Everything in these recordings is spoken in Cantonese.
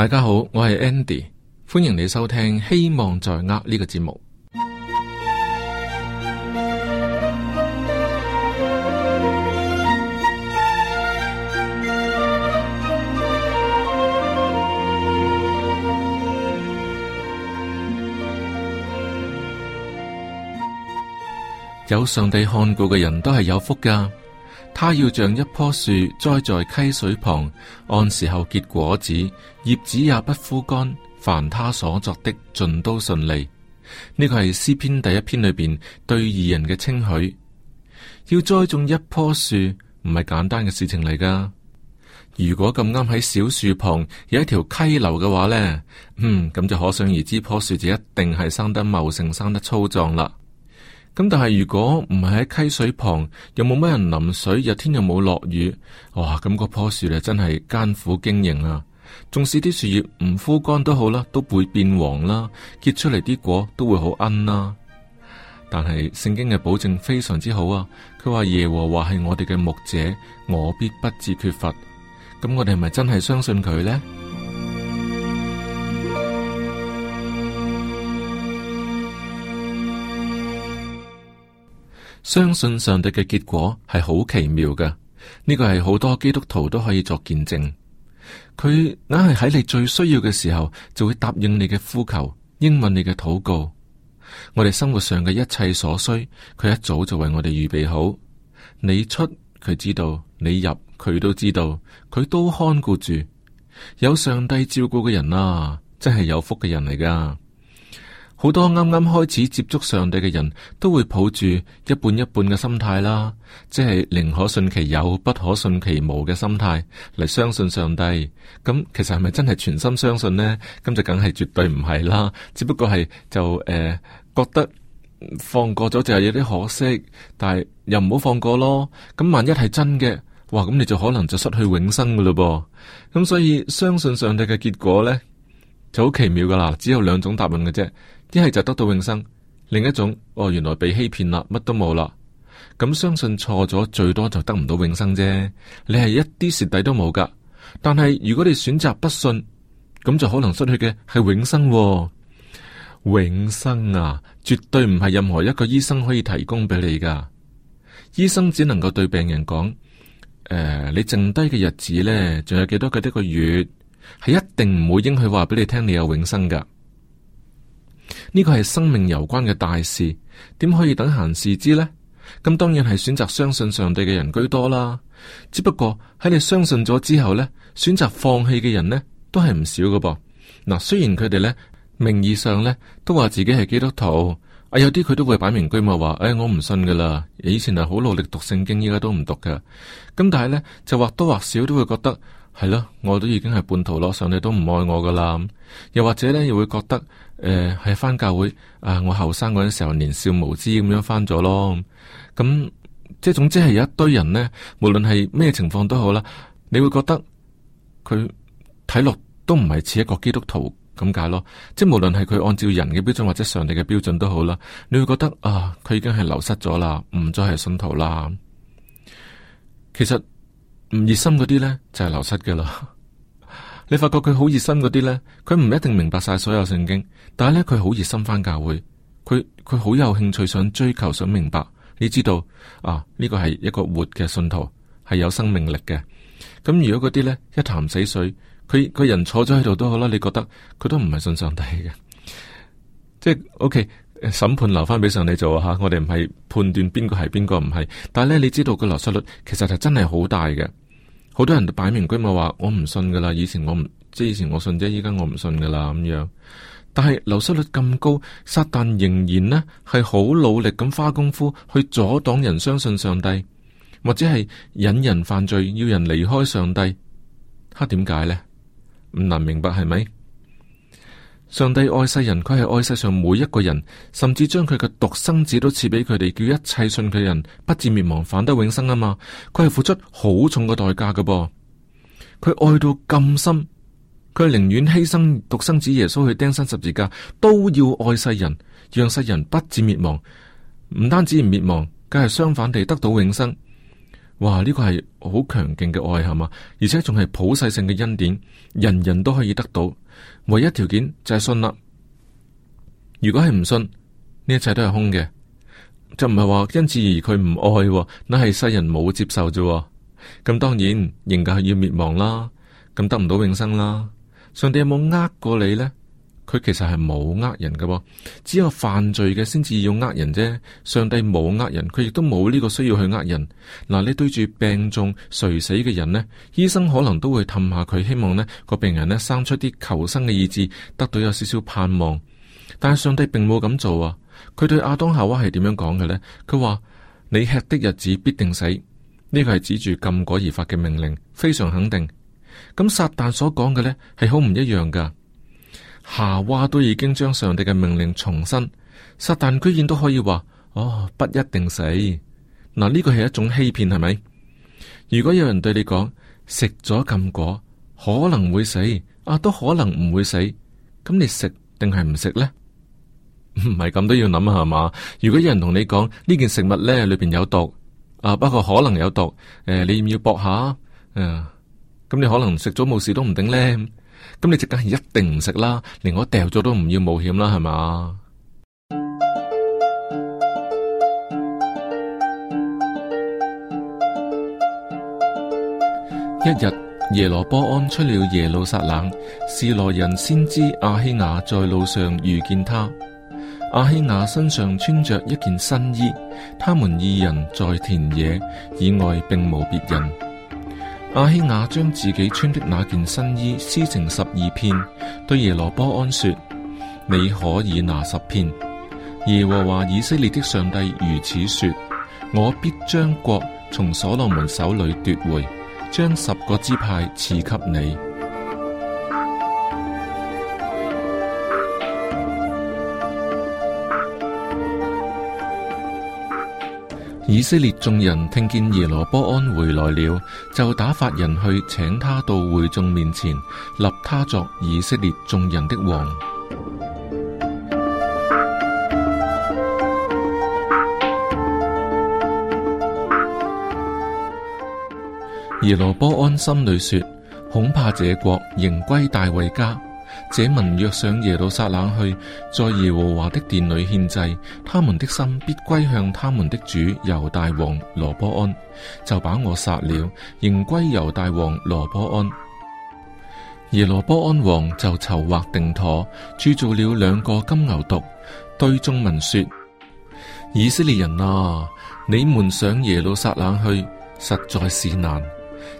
大家好，我係 Andy，歡迎你收聽《希望在握》呢、這個節目。有上帝看顧嘅人都係有福噶。他要像一棵樹栽在溪水旁，按時候結果子，葉子也不枯乾。凡他所作的，盡都順利。呢個係詩篇第一篇裏邊對義人嘅稱許。要栽種一棵樹，唔係簡單嘅事情嚟噶。如果咁啱喺小樹旁有一條溪流嘅話呢，嗯，咁就可想而知，棵樹就一定係生得茂盛，生得粗壯啦。咁但係如果唔係喺溪水旁，又冇乜人淋水，日天又冇落雨，哇！咁個棵樹咧真係艱苦經營啊！縱使啲樹葉唔枯乾都好啦，都會變黃啦，啊，結出嚟啲果都會好奀啦。但係聖經嘅保證非常之好啊！佢話耶和華係我哋嘅牧者，我必不致缺乏。咁我哋係咪真係相信佢呢？相信上帝嘅結果係好奇妙嘅，呢個係好多基督徒都可以作見證。佢硬係喺你最需要嘅時候，就會答應你嘅呼求，應允你嘅禱告。我哋生活上嘅一切所需，佢一早就為我哋預備好。你出佢知道，你入佢都知道，佢都看顧住。有上帝照顧嘅人啊，真係有福嘅人嚟噶。好多啱啱開始接觸上帝嘅人都會抱住一半一半嘅心態啦，即係寧可信其有，不可信其無嘅心態嚟相信上帝。咁、嗯、其實係咪真係全心相信呢？咁、嗯、就梗係絕對唔係啦。只不過係就誒、呃、覺得放過咗就係有啲可惜，但係又唔好放過咯。咁、嗯、萬一係真嘅，哇咁你就可能就失去永生噶嘞噃。咁、嗯、所以相信上帝嘅結果呢，就好奇妙噶啦，只有兩種答案嘅啫。一係就得到永生，另一種哦，原來被欺騙啦，乜都冇啦。咁、嗯、相信錯咗，最多就得唔到永生啫。你係一啲蝕底都冇噶。但係如果你選擇不信，咁就可能失去嘅係永生，哦。永生啊，絕對唔係任何一個醫生可以提供俾你噶。醫生只能夠對病人講：誒、呃，你剩低嘅日子呢，仲有幾多幾多個月，係一定唔會應佢話俾你聽你有永生噶。呢個係生命攸關嘅大事，點可以等閒視之呢？咁當然係選擇相信上帝嘅人居多啦。只不過喺你相信咗之後呢，選擇放棄嘅人呢，都係唔少噶噃。嗱、啊，雖然佢哋呢名義上呢都話自己係基督徒，啊有啲佢都會擺明居嘛話，誒、哎、我唔信噶啦，以前係好努力讀聖經，依家都唔讀噶。咁、啊、但係呢就或多或少都會覺得。係咯、嗯，我都已經係叛徒咯，上帝都唔愛我噶啦。又或者呢，又會覺得誒，係、呃、翻教會啊、呃，我後生嗰陣時候年少無知咁樣翻咗咯。咁即係總之係有一堆人呢，無論係咩情況都好啦，你會覺得佢睇落都唔係似一個基督徒咁解咯。即、就、係、是、無論係佢按照人嘅標準或者上帝嘅標準都好啦，你會覺得啊，佢、呃、已經係流失咗啦，唔再係信徒啦。其實。唔熱心嗰啲呢，就係、是、流失嘅啦。 你發覺佢好熱心嗰啲呢，佢唔一定明白晒所有聖經，但係呢，佢好熱心翻教會，佢佢好有興趣想追求想明白。你知道啊？呢、這個係一個活嘅信徒，係有生命力嘅。咁如果嗰啲呢，一潭死水，佢個人坐咗喺度都好啦。你覺得佢都唔係信上帝嘅，即係 OK。審判留翻俾上帝做吓，我哋唔係判斷邊個係邊個唔係，但係呢，你知道個流失率其實係真係好大嘅。好多人都擺明居然話，我唔信噶啦，以前我唔即係以前我信啫，依家我唔信噶啦咁樣。但係流失率咁高，撒旦仍然呢係好努力咁花功夫去阻擋人相信上帝，或者係引人犯罪，要人離開上帝。哈，點解呢？唔難明白係咪？上帝愛世人，佢係愛世上每一個人，甚至將佢嘅獨生子都賜俾佢哋，叫一切信佢人不致滅亡，反得永生啊嘛！佢係付出好重嘅代價噶噃。佢愛到咁深，佢寧願犧牲獨生子耶穌去釘身十字架，都要愛世人，讓世人不致滅亡。唔單止唔滅亡，佢係相反地得到永生。哇！呢個係好強勁嘅愛，係嘛？而且仲係普世性嘅恩典，人人都可以得到。唯一條件就係信啦。如果係唔信呢，一切都係空嘅，就唔係話因此而佢唔愛、哦，那係世人冇接受啫。咁當然人格係要滅亡啦，咁得唔到永生啦。上帝有冇呃過你呢？佢其實係冇呃人嘅，哦，只有犯罪嘅先至要呃人啫。上帝冇呃人，佢亦都冇呢個需要去呃人。嗱，啊，你對住病重垂死嘅人呢，醫生可能都會氹下佢，希望呢個病人呢生出啲求生嘅意志，得到有少少盼望。但係上帝並冇咁做啊！佢對亞當夏娃係點樣講嘅呢？佢話你吃的日子必定死。呢，這個係指住禁果而發嘅命令，非常肯定。咁撒旦所講嘅呢係好唔一樣噶。夏娃都已經將上帝嘅命令重申，撒旦居然都可以話：哦，不一定死。嗱，呢個係一種欺騙，係咪？如果有人對你講食咗禁果可能會死，啊，都可能唔會死，咁你食定係唔食呢？唔係咁都要諗下嘛？如果有人同你講呢件食物咧裏邊有毒，啊，不過可能有毒，誒、啊，你要唔要搏下？誒、啊，咁你可能食咗冇事都唔定咧。咁你就梗係一定唔食啦，連我掉咗都唔要冒險啦，係嘛？一日，耶羅波安出了耶路撒冷，示羅人先知亞希雅在路上遇見他。亞希雅身上穿着一件新衣，他們二人在田野以外並無別人。阿希雅將自己穿的那件新衣撕成十二片，對耶羅波安說：你可以拿十片。耶和華以色列的上帝如此說：我必將國從所羅門手裏奪回，將十個支派賜給你。以色列眾人聽見耶羅波安回來了，就打發人去請他到會眾面前，立他作以色列眾人的王。耶羅波安心裏說：恐怕這國仍歸大衛家。這民若上耶路撒冷去，在耶和華的殿裏獻祭，他們的心必歸向他們的主猶大王羅波安，就把我殺了，仍歸猶大王羅波安。耶羅波安王就籌劃定妥，鑄造了兩個金牛犢，對眾民說：以色列人啊，你們上耶路撒冷去，實在是難，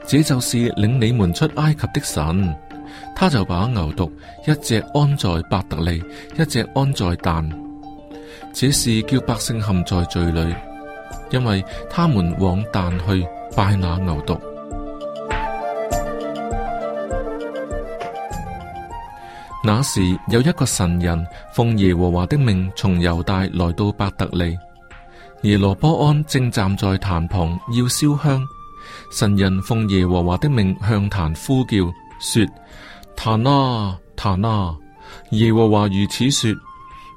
這就是領你們出埃及的神。他就把牛犢一隻安在伯特利，一隻安在但，這事叫百姓陷在罪裏，因為他們往但去拜那牛犢。 那時有一個神人奉耶和華的命從猶大來到伯特利，耶羅波安正站在壇旁要燒香，神人奉耶和華的命向壇呼叫。說，壇啊壇啊，耶和華如此說：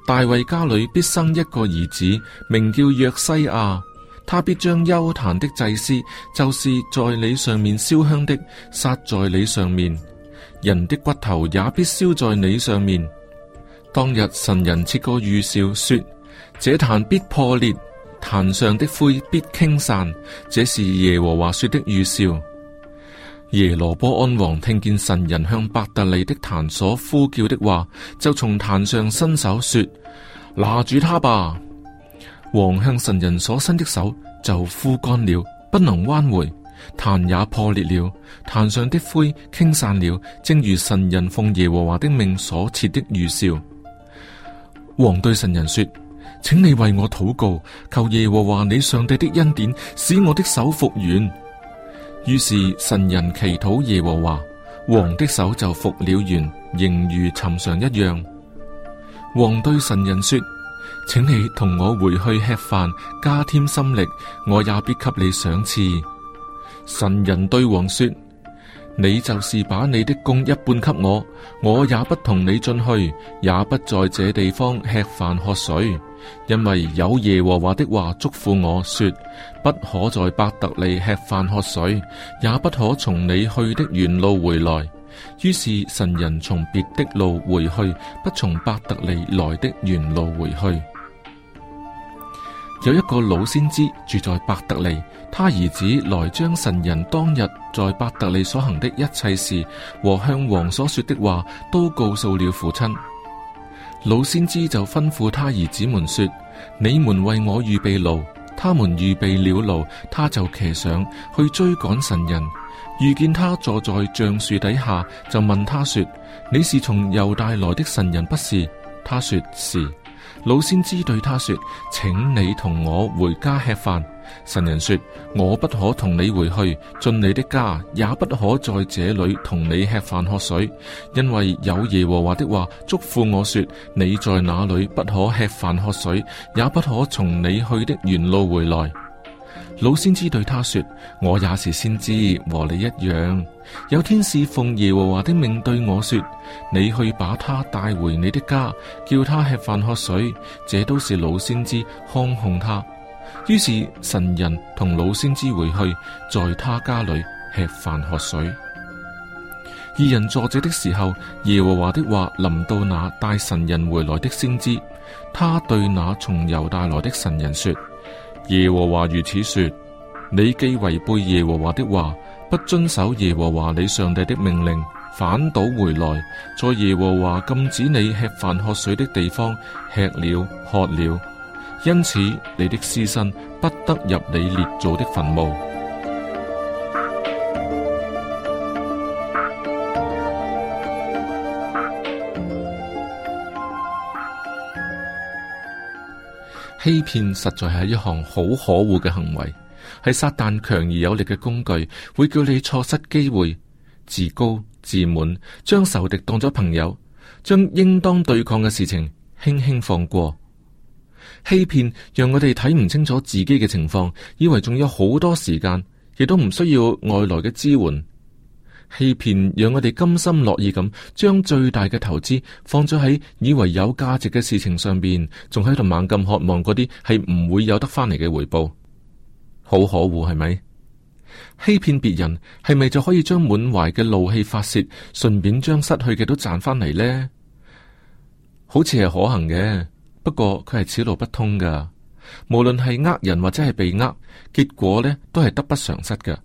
大衛家裏必生一個兒子，名叫約西亞，他必將邱壇的祭司，就是在你上面燒香的，殺在你上面；人的骨頭也必燒在你上面。當日神人切個預兆說：這壇必破裂，壇上的灰必傾散。這是耶和華說的預兆。耶羅波安王聽見神人向伯特利的壇所呼叫的話，就從壇上伸手說：拿住他吧！王向神人所伸的手就枯乾了，不能彎回；壇也破裂了，壇上的灰傾散了，正如神人奉耶和華的命所設的預兆。王對神人說：請你為我禱告，求耶和華你上帝的恩典，使我的手復原。於是神人祈禱耶和華，王的手就復了原，仍如尋常一樣。王對神人說：請你同我回去吃飯，加添心力，我也必給你賞賜。神人對王說：你就是把你的宮一半給我，我也不同你進去，也不在這地方吃飯喝水。因為有耶和華的話囑咐我說：不可在伯特利吃飯喝水，也不可從你去的原路回來。於是神人從別的路回去，不從伯特利來的原路回去。有一個老先知住在伯特利，他兒子來將神人當日在伯特利所行的一切事和向王所說的話都告訴了父親。老先知就吩咐他兒子們說：你們為我預備驢，他們預備了驢，他就騎上去追趕神人。遇見他坐在橡樹底下，就問他說：你是從猶大來的神人不是？他說是。老先知對他說：請你同我回家吃飯。神人說：我不可同你回去進你的家，也不可在這裏同你吃飯喝水，因為有耶和華的話囑咐我說：你在那裏不可吃飯喝水，也不可從你去的原路回來。老先知對他說：我也是先知，和你一樣。有天使奉耶和華的命對我說：你去把他帶回你的家，叫他吃飯喝水。這都是老先知誆哄他。於是神人同老先知回去，在他家裏吃飯喝水。二人坐席的時候，耶和華的話臨到那帶神人回來的先知，他對那從猶大來的神人說：耶和華如此說，你既違背耶和華的話，不遵守耶和華你上帝的命令，反倒回來，在耶和華禁止你吃飯喝水的地方吃了喝了。因此，你的屍身不得入你列祖的墳墓。欺騙 實在係一項好可惡嘅行為，係撒旦強而有力嘅工具，會叫你錯失機會，自高自滿，將仇敵當咗朋友，將應當對抗嘅事情輕輕放過。欺騙讓我哋睇唔清楚自己嘅情況，以為仲有好多時間，亦都唔需要外來嘅支援。欺騙讓我哋甘心樂意咁，將最大嘅投資放咗喺以為有價值嘅事情上邊，仲喺度猛咁渴望嗰啲係唔會有得翻嚟嘅回報。好可惡係咪？欺騙別人係咪就可以將滿懷嘅怒氣發泄，順便將失去嘅都賺翻嚟呢？好似係可行嘅。不過佢係此路不通噶，無論係呃人或者係被呃，結果呢都係得不償失噶。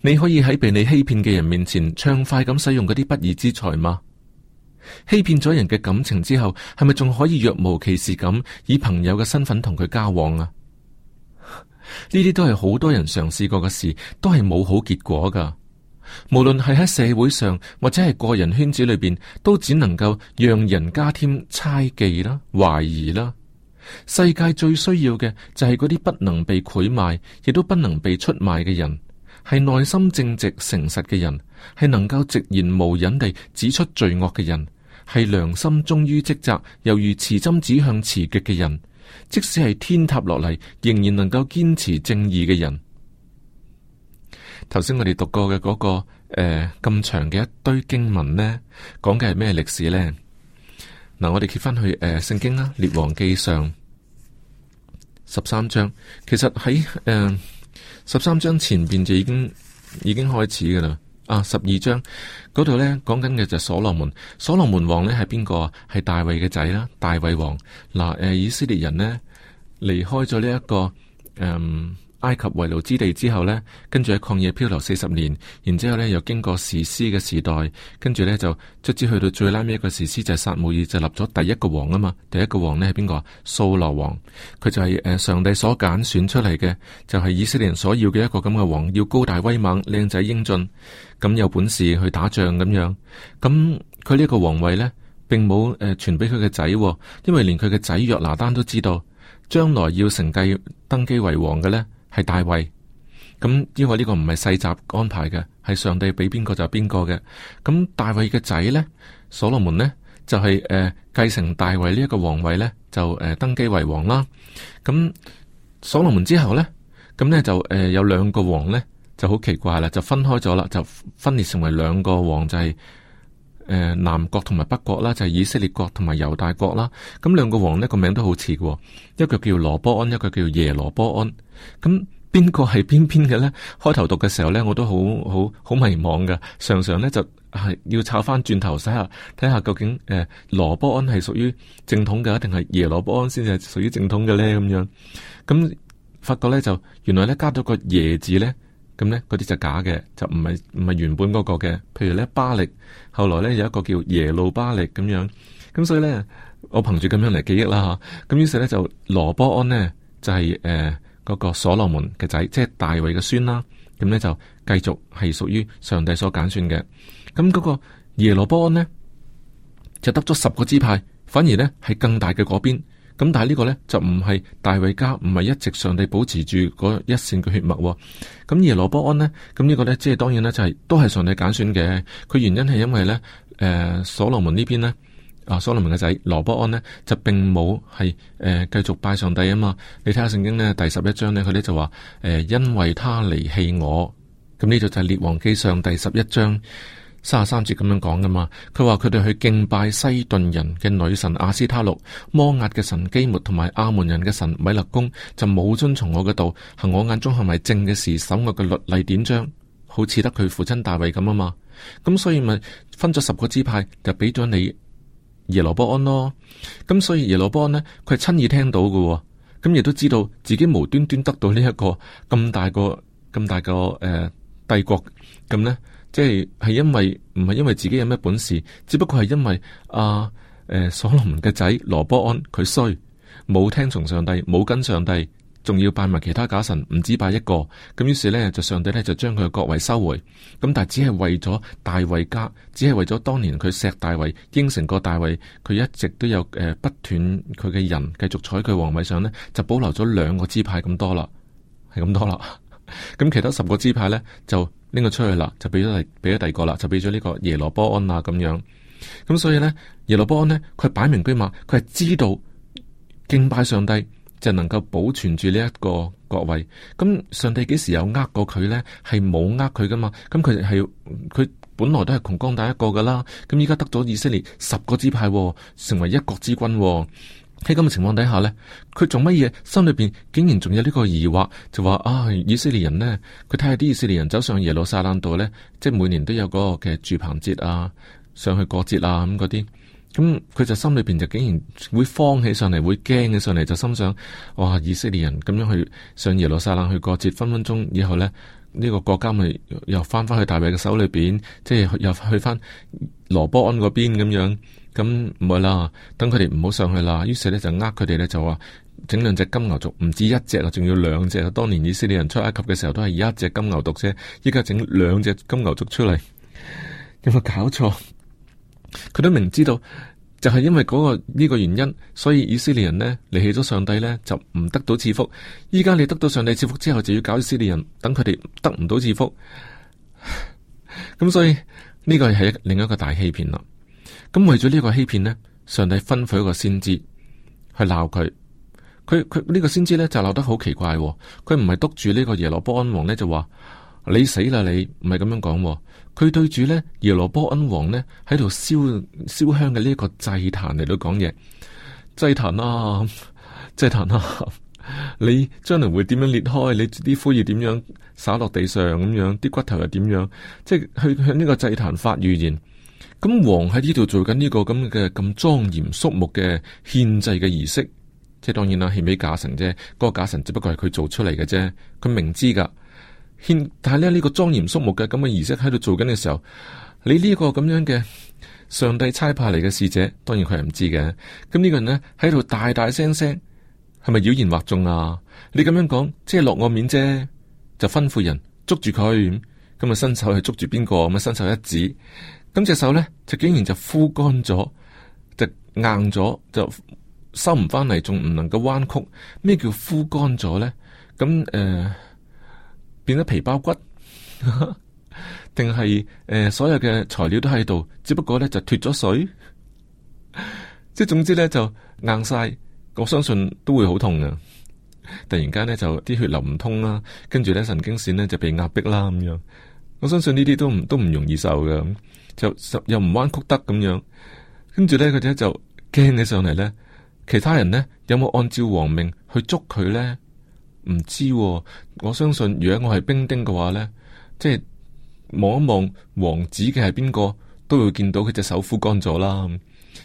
你可以喺被你欺騙嘅人面前暢快咁使用嗰啲不義之財嗎？欺騙咗人嘅感情之後，係咪仲可以若無其事咁以朋友嘅身份同佢交往啊？呢啲都係好多人嘗試過嘅事，都係冇好結果噶。無論係喺社會上或者係個人圈子裏邊，都只能夠讓人加添猜忌啦、懷疑啦。世界最需要嘅就係嗰啲不能被賄賣，亦都不能被出賣嘅人，係內心正直、誠實嘅人，係能夠直言無隱地指出罪惡嘅人，係良心忠於職責，猶如持針指向磁極嘅人，即使係天塌落嚟，仍然能夠堅持正義嘅人。頭先我哋讀過嘅嗰、那個誒咁、呃、長嘅一堆經文呢，講嘅係咩歷史呢？嗱，我哋揭翻去誒聖、呃、經啦，《列王記上》十三章，其實喺誒十三章前邊就已經已經開始噶啦。啊，十二章嗰度呢，講緊嘅就係所羅門，所羅門王呢係邊個？係大衛嘅仔啦，大衛王。嗱，誒、呃、以色列人呢，離開咗呢一個誒。呃埃及為奴之地之後呢，跟住喺曠野漂流四十年，然之後咧又經過士師嘅時代，跟住呢就卒之去到最拉尾一個士師就係撒母耳，就，是、就立咗第一個王啊嘛。第一個王呢係邊個？掃羅王，佢就係、是、誒、呃、上帝所揀選，選出嚟嘅，就係、是、以色列人所要嘅一個咁嘅王，要高大威猛、靚仔英俊，咁有本事去打仗咁樣。咁佢呢一個王位呢，並冇誒傳俾佢嘅仔，因為連佢嘅仔約拿丹都知道，將來要承繼登基為王嘅呢。係大衛，咁因為呢個唔係世襲安排嘅，係上帝俾邊個就係邊個嘅。咁大衛嘅仔呢，所羅門呢，就係誒繼承大衛呢一個皇位呢，就誒登基為王啦。咁所羅門之後呢，咁呢就誒有兩個王呢，就好奇怪啦，就分開咗啦，就分裂成為兩個王就係、是。誒南國同埋北國啦，就係、是、以色列國同埋猶大國啦。咁兩個王呢個名都好似嘅，一個叫羅波安，一個叫耶羅波安。咁邊個係邊邊嘅呢？開頭讀嘅時候呢，我都好好迷茫嘅，常常呢，就係、啊、要抄翻轉頭睇下睇下究竟誒、呃、羅波安係屬於正統嘅，定係耶羅波安先係屬於正統嘅呢？咁樣咁發覺呢，就原來呢，加咗個耶字呢。咁呢嗰啲就假嘅，就唔係唔係原本嗰個嘅。譬如咧巴力，後來呢有一個叫耶路巴力咁樣，咁所以呢，我憑住咁樣嚟記憶啦吓。咁、啊、於是呢，就羅波安呢，就係誒嗰個所羅門嘅仔，即係大衛嘅孫啦。咁、啊、呢，就繼續係屬於上帝所揀選嘅。咁嗰個耶羅波安呢，就得咗十個支派，反而呢，係更大嘅嗰邊。咁但係呢個呢，就唔係大衛家，唔係一直上帝保持住嗰一線嘅血脈。咁而羅波安呢，咁、這、呢個呢、就是，即係當然呢、就是，就係都係上帝揀選嘅。佢原因係因為呢，誒、呃、所羅門呢邊呢，啊所羅門嘅仔羅波安呢，就並冇係誒繼續拜上帝啊嘛。你睇下聖經呢，第十一章呢，佢呢就話誒、呃、因為他離棄我，咁呢度就係列王記上第十一章，三十三節咁樣講噶嘛？佢話佢哋去敬拜西頓人嘅女神阿斯他錄、摩押嘅神基木同埋亞門人嘅神米勒公，就冇遵從我嘅道，行我眼中係咪正嘅事，守我嘅律例典章，好似得佢父親大衛咁啊嘛。咁所以咪分咗十個支派，就俾咗你耶羅波安咯。咁所以耶羅波安呢，佢係親耳聽到嘅、哦，咁亦都知道自己無端端得到呢、這、一個咁大個咁大個誒、呃、帝國，咁咧。即係係因為唔係因為自己有咩本事，只不過係因為阿誒、所羅門嘅仔羅波安佢衰，冇聽從上帝，冇跟上帝，仲要拜埋其他假神，唔止拜一個。咁於是呢，就上帝呢，就將佢嘅國位收回。咁但係只係為咗大衛家，只係為咗當年佢錫大衛應承過大衛，佢一直都有誒、呃、不斷佢嘅人繼續坐喺佢皇位上呢，就保留咗兩個支派咁多啦，係咁多啦。咁 其他十個支派呢，就拎個出去啦，就俾咗第俾咗第二個啦，就俾咗呢個耶羅波安啊咁樣。咁所以呢，耶羅波安呢，佢係擺明車馬，佢係知道敬拜上帝就是，能夠保存住呢一個國位。咁上帝幾時有呃過佢呢？係冇呃佢噶嘛？咁佢哋係佢本來都係窮光蛋一個噶啦。咁依家得咗以色列十個支派，哦，成為一國之君，哦。喺咁嘅情況底下呢佢做乜嘢？心裏邊竟然仲有呢個疑惑，就話啊，以色列人呢，佢睇下啲以色列人走上耶路撒冷度呢，即係每年都有嗰個嘅住棚節啊，上去過節啊咁嗰啲，咁佢就心裏邊就竟然會慌起上嚟，會驚起上嚟，就心想：哇，以色列人咁樣去上耶路撒冷去過節，分分鐘以後呢，呢個國家咪又翻翻去大衛嘅手裏邊，即係又去翻羅波安嗰邊咁樣。咁唔係啦，等佢哋唔好上去啦。於是咧就呃佢哋咧就話整兩隻金牛犢唔止一隻啦，仲要兩隻。當年以色列人出埃及嘅時候都係一隻金牛犢啫，依家整兩隻金牛犢出嚟，有冇搞錯？佢 都明知道，就係因為嗰個呢個原因，所以以色列人呢，離棄咗上帝呢，就唔得到賜福。依家你得到上帝賜福之後，就要搞以色列人，等佢哋得唔到賜福。咁 所以呢個係另一個大欺騙啦。咁為咗呢個欺騙呢，上帝吩咐一個先知去鬧佢，佢佢呢個先知呢，就鬧得好奇怪，哦，佢唔係督住呢個耶羅波恩王呢，就話你死啦你，唔係咁樣講，哦，佢對住呢耶羅波恩王呢，喺度燒燒香嘅呢個祭壇嚟到講嘢，祭壇啊祭壇啊，壇啊 你將來會點樣裂開？你啲灰要點樣灑落地上咁樣？啲骨頭又點樣？即係去向呢個祭壇發預言。咁王喺呢度做緊呢個咁嘅咁莊嚴肅穆嘅獻祭嘅儀式，即係當然啦，獻俾假神啫。嗰個假神只不過係佢做出嚟嘅啫，佢明知噶獻。但係咧呢個莊嚴肅穆嘅咁嘅儀式喺度做緊嘅時候，你呢個咁樣嘅上帝差派嚟嘅使者，當然佢係唔知嘅。咁呢個人呢，喺度大大聲聲，係咪妖言惑眾啊？你咁樣講，即係落我面啫，就吩咐人捉住佢，咁啊伸手係捉住邊個咁啊伸手一指。咁隻手咧，就竟然就枯乾咗，就硬咗，就收唔翻嚟，仲唔能夠彎曲。咩叫枯乾咗咧？咁誒、呃，變咗皮包骨，定係誒所有嘅材料都喺度，只不過咧就脱咗水。 即係總之咧就硬晒，我相信都會好痛嘅。突然間咧就啲血流唔通啦，跟住咧神經線咧就被壓迫啦咁樣。我相信呢啲都唔都唔容易受嘅。就又唔彎曲得咁樣，跟住呢，佢哋就驚起上嚟呢，其他人呢，有冇按照王命去捉佢呢？唔知、哦。我相信如果我係兵丁嘅話呢，即係望一望王子嘅係邊個，都會見到佢隻手枯乾咗啦。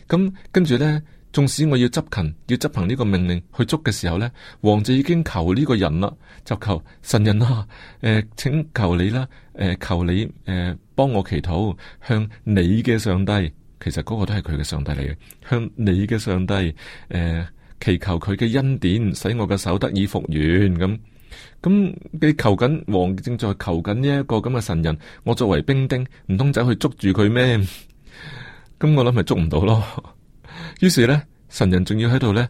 咁跟住呢，縱使我要執勤要執行呢個命令去捉嘅時候呢，王子已經求呢個人啦，就求神人啦、啊。誒、呃，請求你啦，誒、呃，求你，誒、呃。幫我祈禱，向你嘅上帝，其實嗰個都係佢嘅上帝嚟嘅，向你嘅上帝，誒、呃，祈求佢嘅恩典，使我嘅手得以復原。咁咁，你求緊王正在求緊呢一個咁嘅神人，我作為兵丁，唔通走去捉住佢咩？咁我諗咪捉唔到咯。於是咧，神人仲要喺度咧。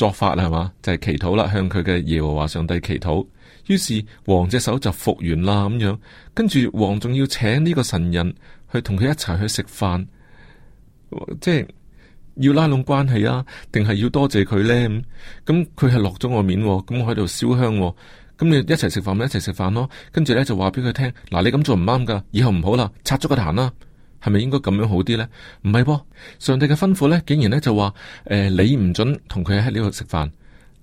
作法係嘛，就係、是、祈禱啦，向佢嘅耶和華上帝祈禱。於是王隻手就復原啦咁樣，跟住王仲要請呢個神人去同佢一齊去食飯，即係要拉攏關係啊，定係要多謝佢呢？咁佢係落咗我面，咁、嗯、我喺度燒香，咁、嗯、你一齊食飯咪一齊食飯咯。跟住呢就話俾佢聽，嗱、啊、你咁做唔啱噶，以後唔好啦，拆咗個壇啦。係咪應該咁樣好啲呢？唔係噃，上帝嘅吩咐咧，竟然咧就話，誒、呃，你唔准同佢喺呢度食飯，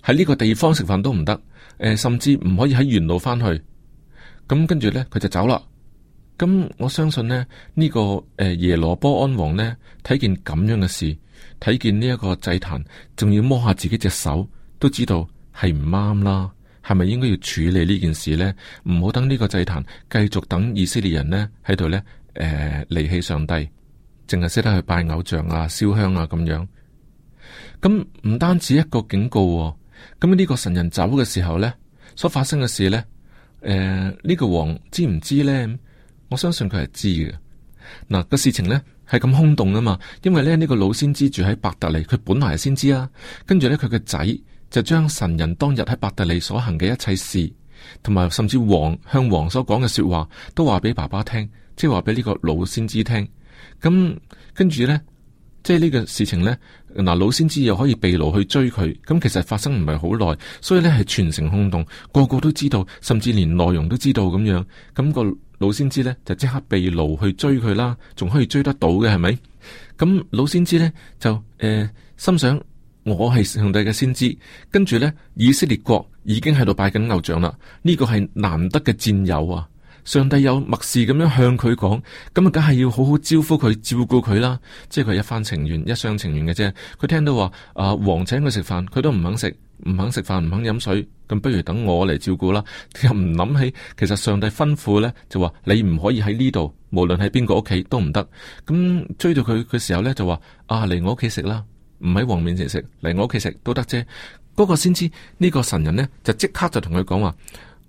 喺呢個地方食飯都唔得，誒、呃，甚至唔可以喺沿路翻去。咁跟住咧，佢就走啦。咁、嗯、我相信呢，呢、這個誒耶羅波安王呢，睇見咁樣嘅事，睇見呢一個祭壇，仲要摸下自己隻手，都知道係唔啱啦。係咪應該要處理呢件事呢？唔好等呢個祭壇繼續等以色列人呢喺度呢。誒，離棄、呃、上帝，淨係識得去拜偶像啊、燒香啊咁樣。咁唔單止一個警告、哦，咁呢個神人走嘅時候呢，所發生嘅事呢，誒、呃、呢、呢個王知唔知呢？我相信佢係知嘅。嗱個事情呢，係咁空洞啊嘛，因為咧呢、呢個老先知住喺伯特利，佢本來係先知啊。跟住呢，佢個仔就將神人當日喺伯特利所行嘅一切事，同埋甚至王向王所講嘅說話，都話俾爸爸聽。即係話俾呢個老先知聽，咁跟住呢，即係呢個事情呢，嗱老先知又可以備驢去追佢，咁其實發生唔係好耐，所以呢係全城轟動，個個都知道，甚至連內容都知道咁樣，咁、那個老先知呢，就即刻備驢去追佢啦，仲可以追得到嘅係咪？咁老先知呢，就誒、呃、心想，我係上帝嘅先知，跟住呢，以色列國已經喺度拜緊偶像啦，呢個係難得嘅戰友啊！上帝有默示咁樣向佢講，咁啊，梗係要好好招呼佢，照顧佢啦。即係佢一番情願，一廂情願嘅啫。佢聽到話啊，王請佢食飯，佢都唔肯食，唔肯食飯，唔肯飲水，咁不如等我嚟照顧啦。又唔諗起其實上帝吩咐咧，就話你唔可以喺呢度，無論喺邊個屋企都唔得。咁追到佢嘅時候咧，就話啊，嚟我屋企食啦，唔喺王面前食，嚟我屋企食都得啫。嗰個先知呢，呢個神人呢，就即刻就同佢講話，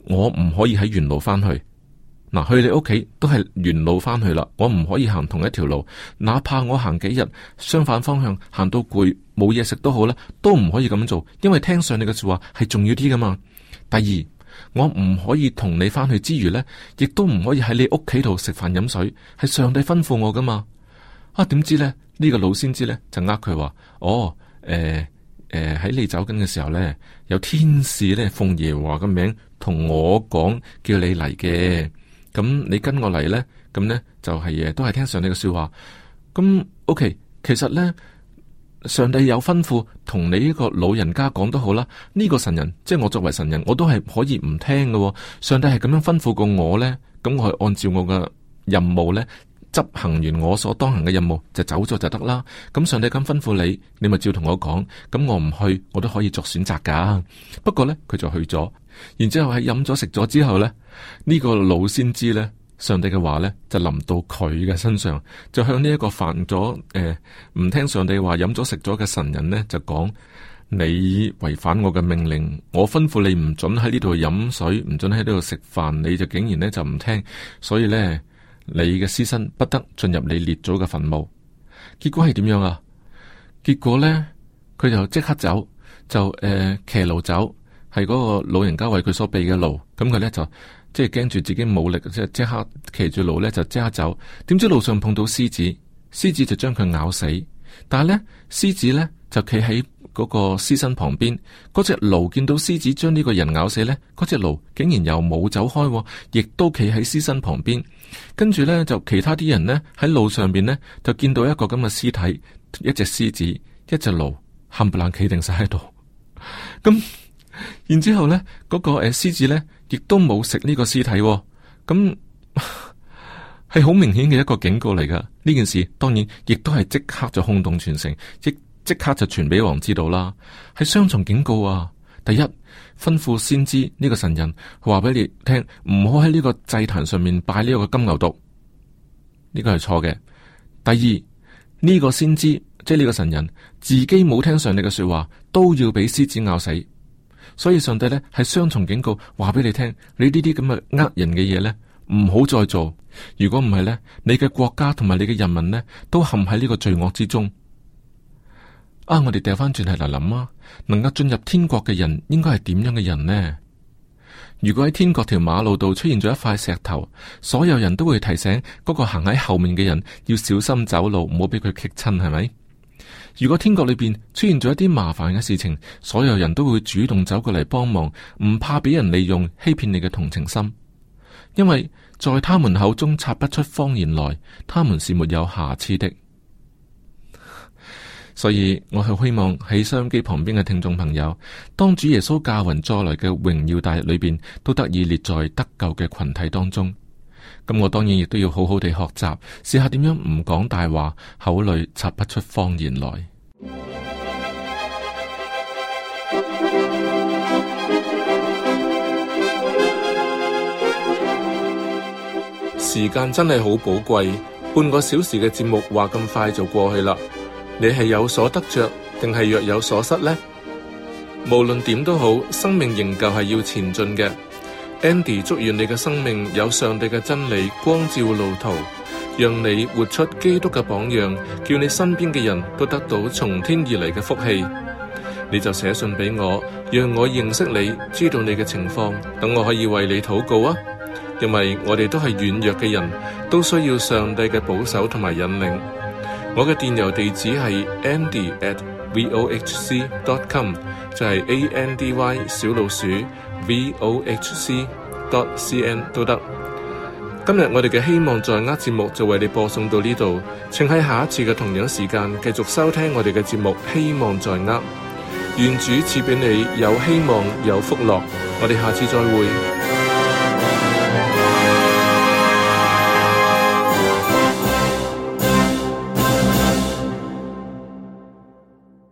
我唔可以喺原路翻去。嗱，去你屋企都係沿路翻去啦。我唔可以行同一條路，哪怕我行幾日，相反方向行到攰，冇嘢食都好啦，都唔可以咁做，因為聽上你嘅說話係重要啲噶嘛。第二，我唔可以同你翻去之餘呢，亦都唔可以喺你屋企度食飯飲水，係上帝吩咐我噶嘛。啊，點知呢，呢、這個老先知呢，就呃佢話哦，誒誒喺你走緊嘅時候呢，有天使呢奉耶華嘅名同我講叫你嚟嘅。咁你跟我嚟呢，咁呢就係誒，都係聽上帝嘅說話。咁 OK，其實呢，上帝有吩咐同你呢個老人家講都好啦。呢個神人，即係我作為神人，我都係可以唔聽嘅喎。上帝係咁樣吩咐過我呢，咁我係按照我嘅任務呢。執行完我所當行嘅任務就走咗就得啦。咁上帝咁吩咐你，你咪照同我講。咁我唔去，我都可以作選擇㗎。不過呢，佢就去咗。然之後喺飲咗食咗之後呢，呢個老先知呢，上帝嘅話呢，就臨到佢嘅身上，就向呢一個犯咗誒唔聽上帝話飲咗食咗嘅神人呢，就講：你違反我嘅命令，我吩咐你唔准喺呢度飲水，唔准喺呢度食飯，你就竟然呢就唔聽，所以呢。你嘅屍身不得進入你列祖嘅墳墓，結果係點樣啊？結果呢，佢就即刻走，就誒騎驢走，係嗰個老人家為佢所備嘅驢。咁佢呢，就即係驚住自己冇力，即係即刻騎住驢呢，就即刻走。點知路上碰到獅子，獅子就將佢咬死。但係呢，獅子呢，就企喺。嗰個獅身旁邊，嗰隻驢見到獅子將呢個人咬死呢，嗰隻驢竟然又冇走開，亦都企喺獅身旁邊。跟住呢，就其他啲人呢，喺路上邊呢，就見到一個咁嘅屍體，一隻獅子，一隻驢，冚唪唥企定晒喺度。咁然之後咧，嗰、嗰個誒獅、呃、子呢，亦都冇食呢個屍體、哦。咁係好明顯嘅一個警告嚟噶。呢件事當然亦都係即刻就轟動全城。即即刻就傳俾王知道啦，係雙重警告啊！第一，吩咐先知呢個神人話俾你聽，唔好喺呢個祭壇上面拜呢個金牛犢，呢個係錯嘅。第二，呢個先知即係呢個神人自己冇聽上帝嘅說話，都要俾獅子咬死。所以上帝呢係雙重警告，話俾你聽，你呢啲咁嘅呃人嘅嘢呢，唔好再做。如果唔係呢，你嘅國家同埋你嘅人民呢，都陷喺呢個罪惡之中。啊！我哋掉翻轉頭嚟諗啊，能夠進入天國嘅人，應該係點樣嘅人呢？如果喺天國條馬路度出現咗一塊石頭，所有人都會提醒嗰個行喺後面嘅人要小心走路，唔好俾佢棘親，係咪？如果天國裏邊出現咗一啲麻煩嘅事情，所有人都會主動走過嚟幫忙，唔怕俾人利用欺騙你嘅同情心，因為在他們口中插不出謊言來，他們是沒有瑕疵的。所以，我係希望喺收音機旁邊嘅聽眾朋友，當主耶穌駕雲再來嘅榮耀大日裏邊，都得以列在得救嘅群體當中。咁我當然亦都要好好地學習，試下點樣唔講大話，口裏插不出謊言來。時間真係好寶貴，半個小時嘅節目話咁快就過去啦。你係有所得着，定係若有所失呢？無論點都好，生命仍舊係要前進嘅。Andy，祝願你嘅生命有上帝嘅真理光照路途，讓你活出基督嘅榜樣，叫你身邊嘅人都得到從天而嚟嘅福氣。你就寫信俾我，讓我認識你，知道你嘅情況，等我可以為你禱告啊！因為我哋都係軟弱嘅人，都需要上帝嘅保守同埋引領。我嘅電郵地址係 andy at vohc dot com，就係 a n d y 小老鼠 v o h c dot c n 都得。今日我哋嘅希望在握節目就為你播送到呢度，請喺下一次嘅同樣時間繼續收聽我哋嘅節目，希望在握。願主賜俾你有希望有福樂。我哋下次再會。